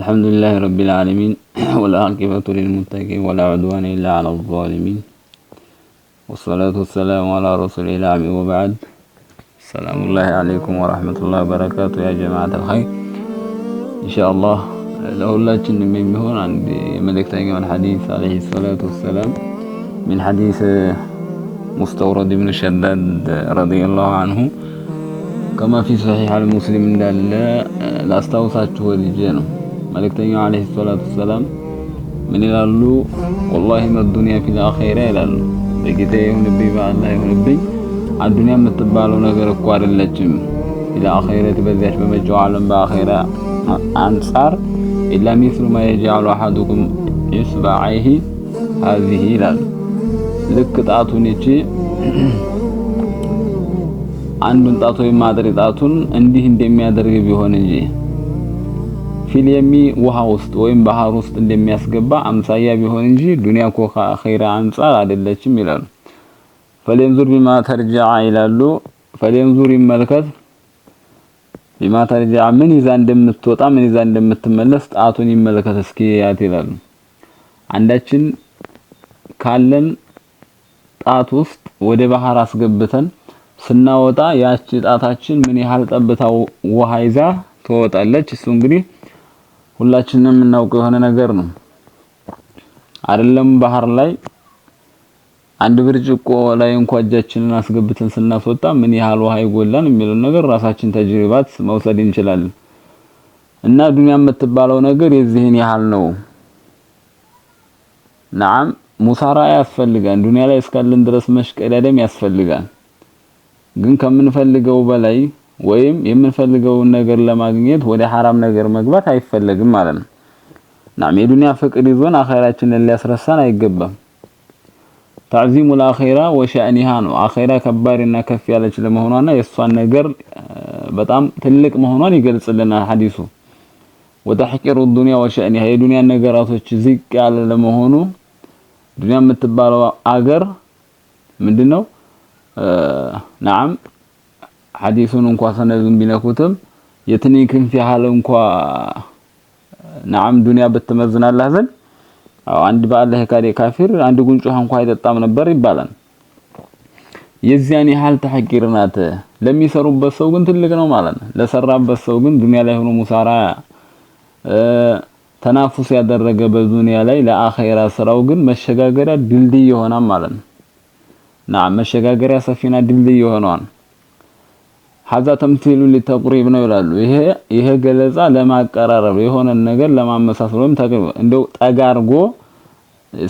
الحمد لله رب العالمين والعاقبة للمتقين ولا عدوان إلا على الظالمين والصلاة والسلام على رسول الله وبعد السلام الله عليكم ورحمة الله وبركاته يا جماعة الخير إن شاء الله ለሁላችን የሚሆን አንድ የመልእክተኛውን الحديث عليه الصلاة والسلام من حديث مستورد بن شداد رضي الله عنه كما في صحيح المسلم لا استوصى ወድጄ ነው መልእክተኛው ዓለይሂ ሰላቱ ሰላም ምን ይላሉ? ወላሂ መዱንያ ፊል አኺራ ይላሉ። በጌታ ይሁንብኝ በአላህ ይሁንብኝ አዱንያ የምትባለው ነገር እኮ አይደለችም። ኢላ አኺረት በዚያች በመጪው ዓለም በአኺራ አንጻር ኢላ ሚስሉ ማ የጅዐሉ አሐዱኩም ኢስባዐይሂ ሀዚሂ ይላሉ። ልክ ጣቱን እቺ አንዱን ጣት ወይም ማጥሪ ጣቱን እንዲህ እንደሚያደርግ ቢሆን እንጂ ፊልየሚ ውሃ ውስጥ ወይም ባህር ውስጥ እንደሚያስገባ አምሳያ ቢሆን እንጂ ዱንያ እኮ ከአኺራ አንጻር አይደለችም ይላሉ። ፈሌንዙር ቢማ ተርጃዓ ይላሉ። ፈሌንዙር ይመልከት ቢማ ተርጃዓ ምን ይዛ እንደምትወጣ ምን ይዛ እንደምትመለስ ጣቱን ይመለከት እስኪ ያት ይላሉ። አንዳችን ካለን ጣት ውስጥ ወደ ባህር አስገብተን ስናወጣ ያቺ ጣታችን ምን ያህል ጠብታ ውሃ ይዛ ትወጣለች? እሱ እንግዲህ ሁላችንም የምናውቀው የሆነ ነገር ነው አይደለም። ባህር ላይ አንድ ብርጭቆ ላይ እንኳ እጃችንን አስገብተን ስናስወጣ ምን ያህል ውሃ ይጎላን የሚለውን ነገር ራሳችን ተጅሪባት መውሰድ እንችላለን። እና ዱንያ የምትባለው ነገር የዚህን ያህል ነው። ነዓም ሙሳራ ያስፈልጋል። ዱንያ ላይ እስካለን ድረስ መሽቀዳደም ያስፈልጋል። ግን ከምንፈልገው በላይ ወይም የምንፈልገውን ነገር ለማግኘት ወደ ሐራም ነገር መግባት አይፈለግም ማለት ነው። ናም የዱንያ ፍቅር ይዞን አኼራችንን ሊያስረሳን አይገባም። ታዕዚሙ አኼራ ወሸእኒሃ ነው። አኼራ ከባድና ከፍ ያለች ለመሆኗና የእሷን ነገር በጣም ትልቅ መሆኗን ይገልጽልናል ሐዲሱ። ወተሕቂሩ ዱንያ ወሸእኒሃ የዱንያ ነገራቶች ዝቅ ያለ ለመሆኑ ዱንያ የምትባለው አገር ምንድነው? ናም ሐዲሱን እንኳ ሰነዱን ቢነኩትም የትኒ ክንፍ ያህል እንኳ ነዓም ዱንያ ብትመዝናላህ ዘንድ አዎ አንድ በአላህ የካደ ካፊር አንድ ጉንጭ እንኳ አይጠጣም ነበር ይባላል። የዚያን ያህል ተሐቂር ናት። ለሚሰሩበት ሰው ግን ትልቅ ነው ማለት ነው። ለሰራበት ሰው ግን ዱንያ ላይ ሆኖ ሙሳራ ተናፉስ ያደረገ በዱንያ ላይ ለአኺራ ስራው ግን መሸጋገሪያ ድልድይ ይሆናል ማለት ነው። ና መሸጋገሪያ ሰፊና ድልድይ ይሆናል። ሀዛ ተምቲሉ ሊተቅሪብ ነው ይላሉ። ይሄ ገለጻ ለማቀራረብ የሆነን ነገር ለማመሳሰል ወይም እንደው ጠጋርጎ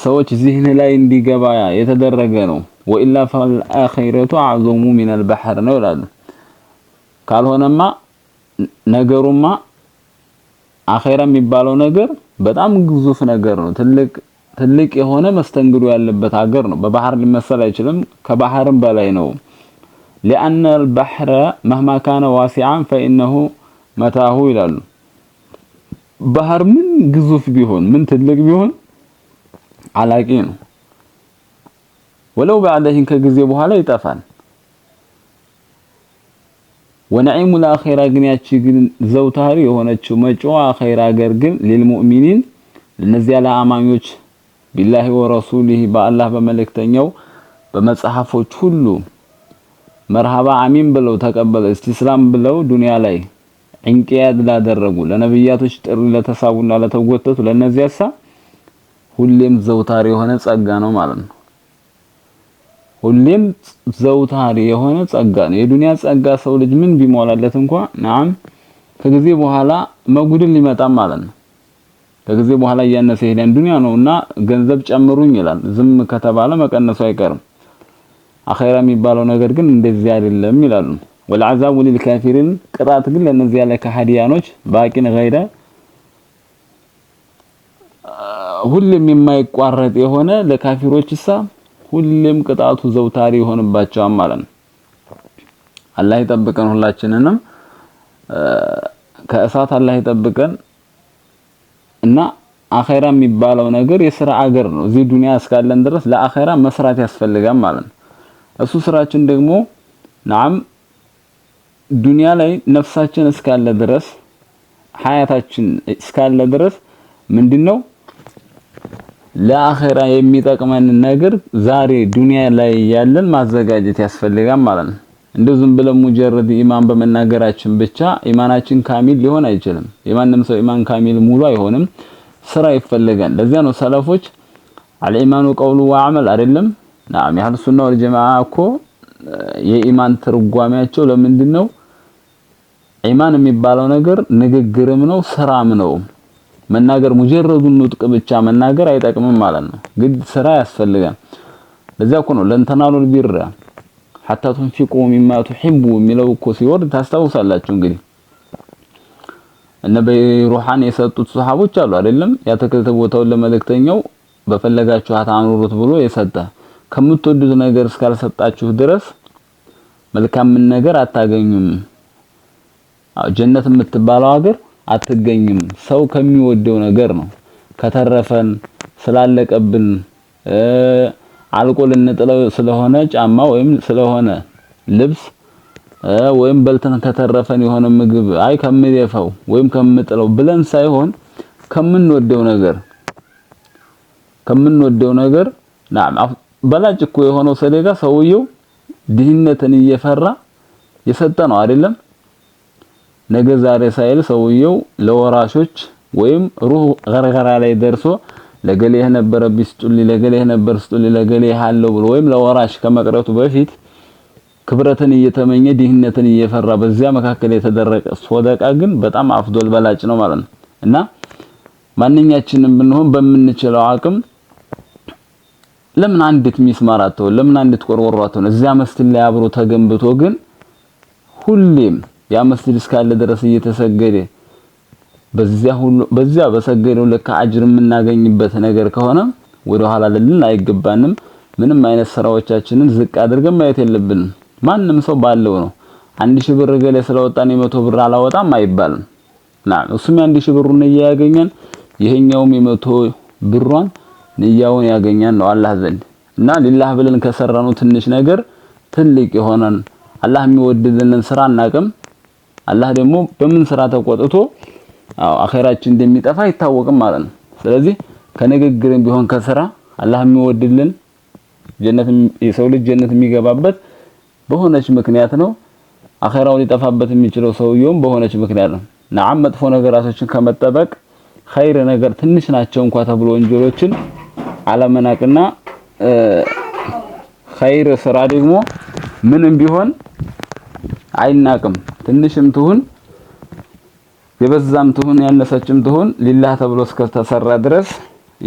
ሰዎች ዚህን ላይ እንዲገባ የተደረገ ነው። ወኢላ ፈልአኺረቱ አዕዘሙ ሚነል ባህር ነው ይላሉ። ካልሆነማ ነገሩማ አኼራ የሚባለው ነገር በጣም ግዙፍ ነገር ነው። ትልቅ ትልቅ የሆነ መስተንግዶ ያለበት ሀገር ነው። በባህር ሊመሰል አይችልም። ከባህርም በላይ ነው። ሊአነ አልባሕረ መህማ ካነ ዋሲዓን ፈኢነሁ መታሁ ይላሉ። ባህር ምን ግዙፍ ቢሆን ምን ትልቅ ቢሆን አላቂ ነው። ወለው ባዕደህን ከጊዜ በኋላ ይጠፋል። ወነዒሙ ለአኼራ ግን ያቺ ግን ዘውታሪ የሆነችው መጪዋ አኼራ አገር ግን ሊልሙእሚኒን ለነዚያ ለአማኞች ቢላሂ ወረሱሊሂ በአላህ በመልእክተኛው በመጽሐፎች ሁሉ መርሃባ አሚን ብለው ተቀበለ እስቲስላም ብለው ዱንያ ላይ እንቅያድ ላደረጉ ለነብያቶች ጥሪ ለተሳቡና ለተጎተቱ ለነዚያ ሁሌም ዘውታሪ የሆነ ጸጋ ነው ማለት ነው። ሁሌም ዘውታሪ የሆነ ጸጋ ነው። የዱንያ ጸጋ ሰው ልጅ ምን ቢሞላለት እንኳ ናም ከጊዜ በኋላ መጉድል ሊመጣም ማለት ነው። ከጊዜ በኋላ እያነሰ ይሄዳል። ዱንያ ነውና ገንዘብ ጨምሩኝ ይላል። ዝም ከተባለ መቀነሱ አይቀርም። አኼራ የሚባለው ነገር ግን እንደዚህ አይደለም ይላሉ። ወልዓዛቡ ሊልካፊሪን ቅጣት ግን ለእነዚያ ለከሃዲያኖች ባቂን ገይረ ሁሌም የማይቋረጥ የሆነ ለካፊሮችሳ ሁሌም ቅጣቱ ዘውታሪ ይሆንባቸዋል ማለት ነው። አላህ ይጠብቀን ሁላችንንም ከእሳት አላህ ይጠብቀን እና አኼራ የሚባለው ነገር የስራ አገር ነው። እዚህ ዱንያ እስካለን ድረስ ለአኼራ መስራት ያስፈልጋል ማለት ነው። እሱ ስራችን ደግሞ ናም ዱንያ ላይ ነፍሳችን እስካለ ድረስ ሀያታችን እስካለ ድረስ ምንድነው ለአኺራ የሚጠቅመን ነገር ዛሬ ዱንያ ላይ ያለን ማዘጋጀት ያስፈልጋል ማለት ነው። እንደ ዝም ብለን ሙጀረድ ኢማን በመናገራችን ብቻ ኢማናችን ካሚል ሊሆን አይችልም። የማንም ሰው ኢማን ካሚል ሙሉ አይሆንም። ስራ ይፈልጋል። ለዚያ ነው ሰለፎች አልኢማኑ ቀውሉ ወአመል አይደለም ናም ያህል ሱና ወል ጀማዓ እኮ የኢማን ትርጓሚያቸው ለምንድን ነው? ኢማን የሚባለው ነገር ንግግርም ነው ስራም ነው። መናገር ሙጀረዱ ኑጥቅ ብቻ መናገር አይጠቅምም ማለት ነው። ግድ ስራ ያስፈልጋል። ለዚያ እኮ ነው ለንተናሉል ቢራ ሐታ ትንፊቁ ሚማ ትሕቡ የሚለው እኮ ሲወርድ ታስታውሳላችሁ። እንግዲህ እነ በይሩሓን የሰጡት ሰሃቦች አሉ አይደለም? ያተክልተ ቦታውን ለመልእክተኛው በፈለጋችኋት አኑሩት ብሎ የሰጠ ከምትወዱት ነገር እስካልሰጣችሁ ድረስ መልካምን ነገር አታገኙም። ጀነት የምትባለው ሀገር አትገኝም። ሰው ከሚወደው ነገር ነው። ከተረፈን ስላለቀብን አልቆ ልንጥለው ስለሆነ ጫማ ወይም ስለሆነ ልብስ ወይም በልተን ከተረፈን የሆነ ምግብ አይ ከምደፋው ወይም ከምጥለው ብለን ሳይሆን ከምንወደው ነገር ከምንወደው ነገር በላጭ እኮ የሆነው ሰደቃ ሰውየው ድህነትን እየፈራ የሰጠ ነው አይደለም። ነገ ዛሬ ሳይል ሰውየው ለወራሾች ወይም ሩህ ገርገራ ላይ ደርሶ ለገሌ የነበረ ቢስጡልኝ ለገሌ ነበር ስጡልኝ ለገሌ ያለው ብሎ ወይም ለወራሽ ከመቅረቱ በፊት ክብረትን እየተመኘ ድህነትን እየፈራ በዚያ መካከል የተደረቀ ሶደቃ ግን በጣም አፍዶል በላጭ ነው ማለት ነው። እና ማንኛችንም ብንሆን በምንችለው አቅም ለምን አንዲት ሚስማር አትሆን? ለምን አንዲት ቆርቆሮ አትሆን? እዚያ መስጂድ ላይ አብሮ ተገንብቶ ግን ሁሌም ያ መስጂድ እስካለ ድረስ እየተሰገደ በዚያ ሁሉ በዚያ በሰገደው ለካ አጅር የምናገኝበት ነገር ከሆነ ወደ ኋላ ልንል አይገባንም። ምንም አይነት ስራዎቻችንን ዝቅ አድርገን ማየት የለብንም። ማንም ሰው ባለው ነው። አንድ ሺህ ብር ገለ ስለወጣን የመቶ ብር አላወጣም አይባልም። ና እሱም የአንድ ሺህ ብሩን እያያገኘን ይሄኛውም የመቶ ብሯን ንያውን ያገኛን ነው አላህ ዘንድ እና ሊላህ ብለን ከሰራነው ትንሽ ነገር ትልቅ የሆነን አላህ የሚወድልንን ስራ አናቅም። አላህ ደግሞ በምን ስራ ተቆጥቶ አኼራችን እንደሚጠፋ አይታወቅም ማለት ነው። ስለዚህ ከንግግርም ቢሆን ከስራ አላህ የሚወድልን ጀነት የሰው ልጅ ጀነት የሚገባበት በሆነች ምክንያት ነው። አኼራው ሊጠፋበት የሚችለው ሰውየውም በሆነች ምክንያት ነው። ነዓም መጥፎ ነገራቶችን ከመጠበቅ ኸይር ነገር ትንሽ ናቸው እንኳ ተብሎ ወንጀሎችን አለመናቅና ኸይር ስራ ደግሞ ምንም ቢሆን አይናቅም። ትንሽም ትሁን የበዛም ትሁን ያነሰችም ትሁን ሊላህ ተብሎ እስከተሰራ ድረስ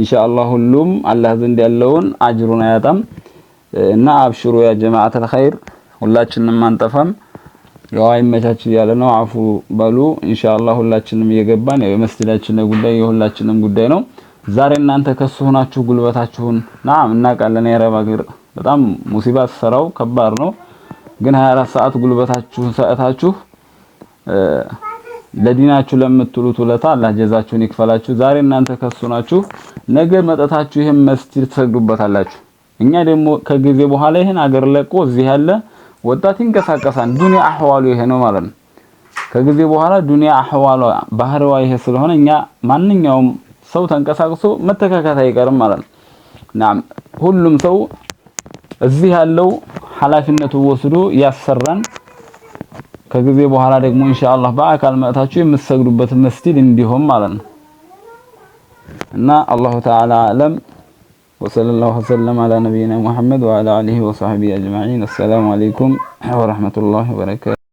ኢንሻአላህ ሁሉም አላህ ዘንድ ያለውን አጅሩን አያጣም እና አብሽሩ ያ ጀማዓተል ኸይር፣ ሁላችንም አንጠፋም። ያው አይመቻች እያለ ነው። አፉ በሉ ኢንሻአላህ ሁላችንም እየገባን የመስጂዳችን ጉዳይ የሁላችንም ጉዳይ ነው። ዛሬ እናንተ ከሱ ሆናችሁ ጉልበታችሁን ናም እናውቃለን። የአረብ ሀገር በጣም ሙሲባ ስራው ከባድ ነው፣ ግን 24 ሰዓት ጉልበታችሁን ሰዓታችሁ ለዲናችሁ ለምትሉት ውለታ አላህ ጀዛችሁን ይክፈላችሁ። ዛሬ እናንተ ከሱ ናችሁ፣ ነገ መጠታችሁ ይህን መስጂድ ትሰግዱበታላችሁ። እኛ ደግሞ ከጊዜ በኋላ ይህን አገር ለቆ እዚህ ያለ ወጣት ይንቀሳቀሳል። ዱንያ አህዋሉ ይሄ ነው ማለት ነው። ከጊዜ በኋላ ዱንያ አህዋሉ ባህሪዋ ይሄ ስለሆነ እኛ ማንኛውም ሰው ተንቀሳቅሶ መተካካት አይቀርም ማለት ነው። ናም ሁሉም ሰው እዚህ ያለው ኃላፊነቱ ወስዶ ያሰራን። ከጊዜ በኋላ ደግሞ ኢንሻአላህ በአካል መጥታችሁ የምትሰግዱበት መስጂድ እንዲሆን ማለት ነው እና አላሁ ተዓላ አለም ወሰለላሁ ወሰለም አላ ነቢይና ሙሐመድ ወአላ አሊሂ ወሰህቢሂ አጅማዒን። አሰላሙ አለይኩም ወረህመቱላሂ ወበረካቱ።